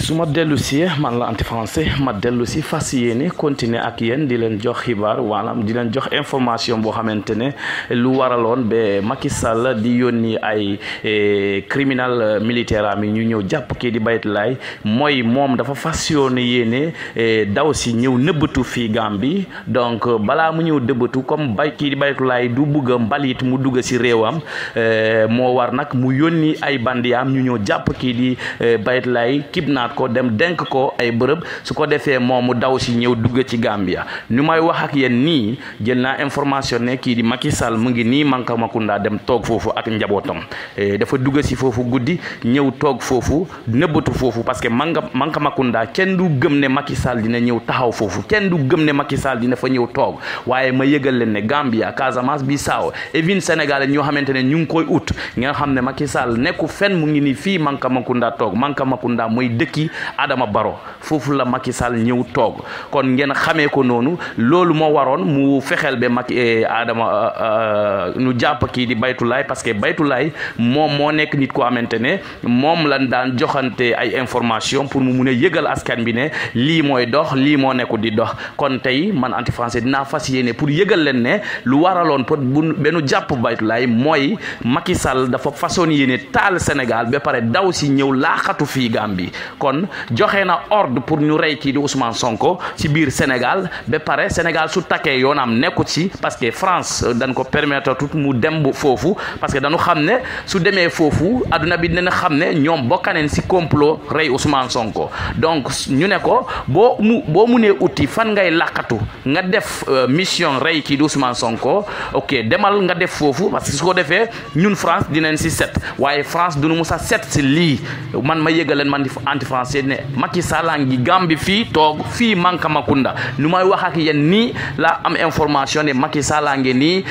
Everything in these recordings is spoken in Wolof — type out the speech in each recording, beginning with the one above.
su ma dellu si man la anti français ma dellu si fas yéene continuer ak yéen di leen jox xibaar maanaam di leen jox information boo xamante ne lu waraloon ba Macky Sall di yónni ay eh, criminal militaire am yi ñu ñëw jàpp kii di bayit laay mooy moom dafa fas yéene yéene eh, daw si ñëw nëbbatu fii Gambie donc balaa mu ñëw dëbbatu comme bay kii du bugg a mbalit mu dugg si réewam eh, moo war nag mu yónni ay bandiyaam ñu ñëw jàpp kii di bayit laay kidnaat ko dem denk ko ay bërëb su ko defee moom mu daw si ñëw dugg ci Gambia nu may wax ak yéen nii jël naa information ne kii di Macky Sall mu ngi nii Mankamakunda dem toog foofu ak njabootam e, dafa dugg si foofu guddi ñëw toog foofu nëbbatu foofu parce que Manka Mankamakunda kenn du gëm ne Macky Sall dina ñëw taxaw foofu kenn du gëm ne Macky Sall dina fa ñëw toog waaye ma yëgal leen ne Gambia Casamance Bissau even Sénégal xam ne Macky Sall nekku fenn mu ngi nii fii Mankamakunda toog Mankamakunda mooy dëkki Adama Baro foofu la Macky Sall ñëw toog kon ngeen xamee ko noonu loolu moo waroon mu fexeel ba Macky eh, Adama ñu euh, euh, jàpp kii di Baytulaay parce que Baytulaay moom moo nekk nit ko xamante ne moom lan daan joxante ay information pour mu mun a yëgal askan bi ne lii mooy dox lii moo nekkul di dox kon tey man anti français dinaa fas yéene pour yëgal leen ne lu waraloon pot bu benn jàpp Baytulaay mooy Macky Sall dafa façon yéene taal Sénégal ba pare daw si ñëw laaxatu fii bi kon joxe na ordre pour ñu rey kii di Ousmane Sonko ci biir Sénégal ba pare Sénégal su takkee yoonam nekku ci parce que France euh, dañ ko permettre tout mu dem bu foofu parce que dañu xam ne su demee foofu adduna bi dina xam ne ñoom bokka bokkaneen ci complot rey Ousmane Sonko donc ñu ne ko boo mu boo munee nee uti fan ngay làqatu nga def euh, mission rey kii di Ousmane Sonko ok demal nga def foofu parce que su ko defee ñun France dinañ ci set waaye France duñu musa set lii anti-français ne Macky Sall a ngi fii toog fii Mankamakunda nu may wax ak yéen nii laa am information ne Macky Sall a ngi nii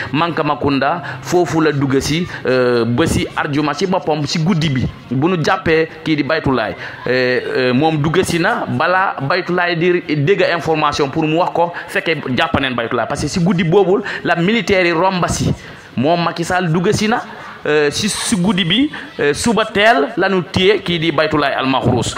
foofu la dugg si euh, ba si arjuma si boppam si guddi bi bu nu jàppee kii di baytulaay euh, euh, moom dugg si na balaa baytulaay di dégg information pour mu wax ko fekkee jàpp neen baytulaay parce que si guddi boobul la militaire yi romba si moom Macky Sall si na Euh, si si guddi bi euh, suba teel lanu téye kii di baytulaay almaxruus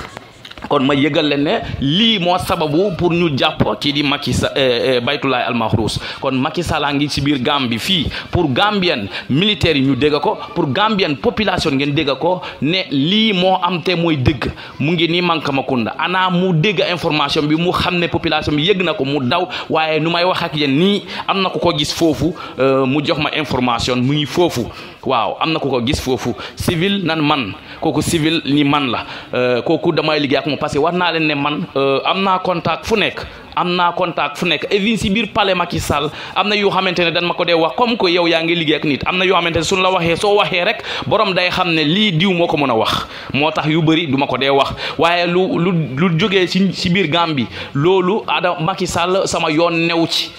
kon ma yëgal leen ne lii moo sababu pour ñu jàpp kii di Macky eh, eh, Baytulaay Almahrous kon Macky Sall ngi ci biir Gambie fii pour Gambien militaire yi ñu dégg ko pour Gambien population ngeen dégg ko ne lii moo am te mooy dégg mu ngi nii Mankamakunda ana mu dégg information bi mu xam ne population bi yëg na ko mu daw waaye nu may wax ak yéen nii am na ku ko gis foofu euh, mu jox ma information mu ngi foofu waaw am na ku ko gis foofu civil nan man kooku civil ni man la euh, kooku damay liggéey ma parce que war naa leen ne man euh, am naa contact fu nekk am naa contact fu nekk even si biir palais Macky Sall am na yoo xamante ne dañ ma ko dee wax comme que yow yaa ngi liggéey ak nit am na yoo xamante ne suñ la waxee soo waxee rek boroom day xam ne lii diw moo ko mën a wax moo tax yu bëri du ma ko dee wax waaye lu lu lu jógee si si biir Gambie loolu ada Macky Sall sama yoon new ci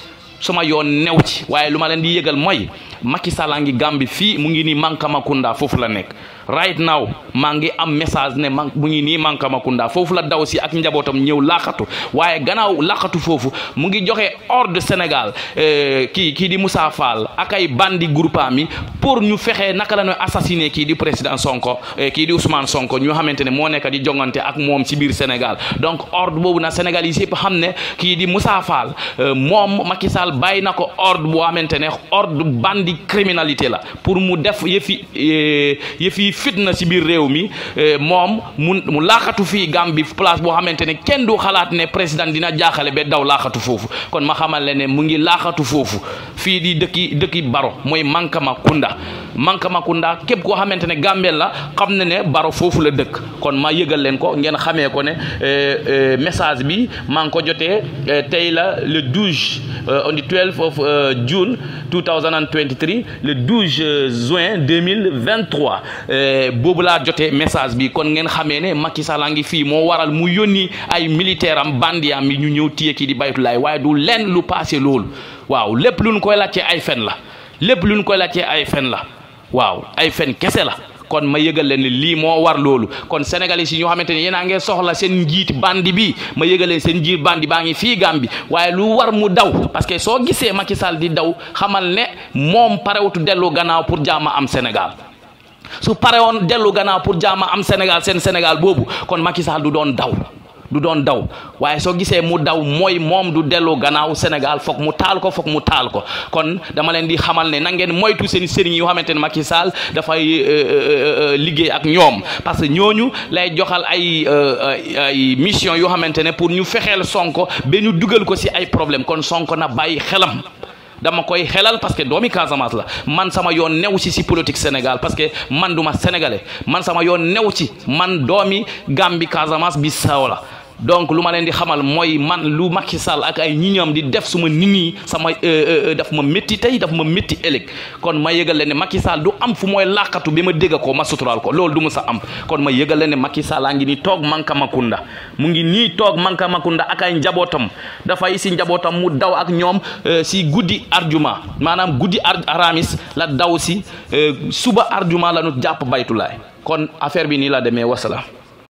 sama yoon new ci waaye lu ma leen di yëgal mooy Macky Sall a ngi Gambie fii mu ngi ni Mankamakunda foofu la nekk right now maa ngi am message ne man mu ngi nii Mankamakunda foofu la daw si ak njabootam ñëw laaxatu waaye gannaaw laaxatu foofu mu ngi joxe hors de Sénégal euh, kii kii di Moussa Fall ak ay bandi groupement mi pour ñu fexe naka la ñu assassiné kii di président Sonko euh, kii di Ousmane Sonko ñu xamante ne moo nekk di jongante ak moom si biir Sénégal donc ordre boobu na Sénégal yi yëpp xam ne kii di Moussa Fall euh, moom Macky Sall bàyyi na ko ordre boo xamante ne ordre bandi criminalité la mu def fitna si biir réew mi euh, moom mu mu laaxatu fii bi place boo xamante ne kenn du xalaat ne président dina jaaxale ba daw laaxatu foofu kon ma xamal ne mu ngi laaxatu foofu fii di dëkki dëkki baro mooy Mankama Kunda manka makunda képp koo xamante ne Gambel la xam na ne baro foofu la dëkk kon ma yëgal leen ko ngeen xamee ko ne euh, euh, message bi maa ngi ko jotee euh, tey la le 12 on the 12 of June 2023 le 12 juin 2023 boobu laa jotee message bi kon ngeen xamee ne Macky Sall ngi fii moo waral mu yónni ay militaire am bandiyaam yi ñu ñëw téye kii di baytulaay waaye du lenn lu passé loolu waaw lépp luñ koy laajte ay fen la lépp lu luñ koy laajte ay fen la waaw ay fen kese la kon ma yëgal leen ni lii moo war loolu kon sénégalais yi ñoo xamante ne yéen a soxla seen njiit bandi bi ma yëgal leen seen njiit bandi baa ngi fii Gàmbi waaye lu war mu daw parce que soo gisee Macky Sall di daw xamal ne moom parewutu dellu gannaaw pour jaama am Sénégal su pare parewoon dellu ganaaw pour jaama am Sénégal seen Sénégal boobu kon Macky Sall du doon daw du doon daw waaye soo gisee mu daw mooy moom du dellu gannaaw Sénégal foog mu taal ko foog mu taal ko kon dama leen di xamal ne na ngeen moytu seen sëriñ yoo xamante ne ki Sall dafay euh, euh, euh, liggéey ak ñoom parce que ñooñu lay joxal ay ay mission yoo xamante ne pour ñu fexeel sonk be ñu dugal ko si ay problème kon sonk na bàyyi xelam dama koy xelal parce que doomi Casamance la man sama yoon new si si politique Sénégal parce que man duma sénégalais man sama yoon new ci man doomi Gàmbi Casamance bi saw la donc lu ma leen di xamal mooy man lu Macky Sall ak ay ñiñam di def suma nit ñi sama euh, euh, euh, daf ma métti tey dafa ma métti ëllëg kon ma yëgal leen ne Macky Sall du am fu mooy làqatu bi ma dégg ko ma suturaal ko loolu du mu sa am kon ma yëgal leen ne Macky Sall a ngi nii toog Mankamakunda mu ngi nii toog Mankamakunda ak ay njabootam dafay si njabootam mu daw ak ñoom si guddi arjuma maanaam guddi aramis la daw si suba arjuma la nu jàpp baytulaay kon affaire bi nii la demee wasalaam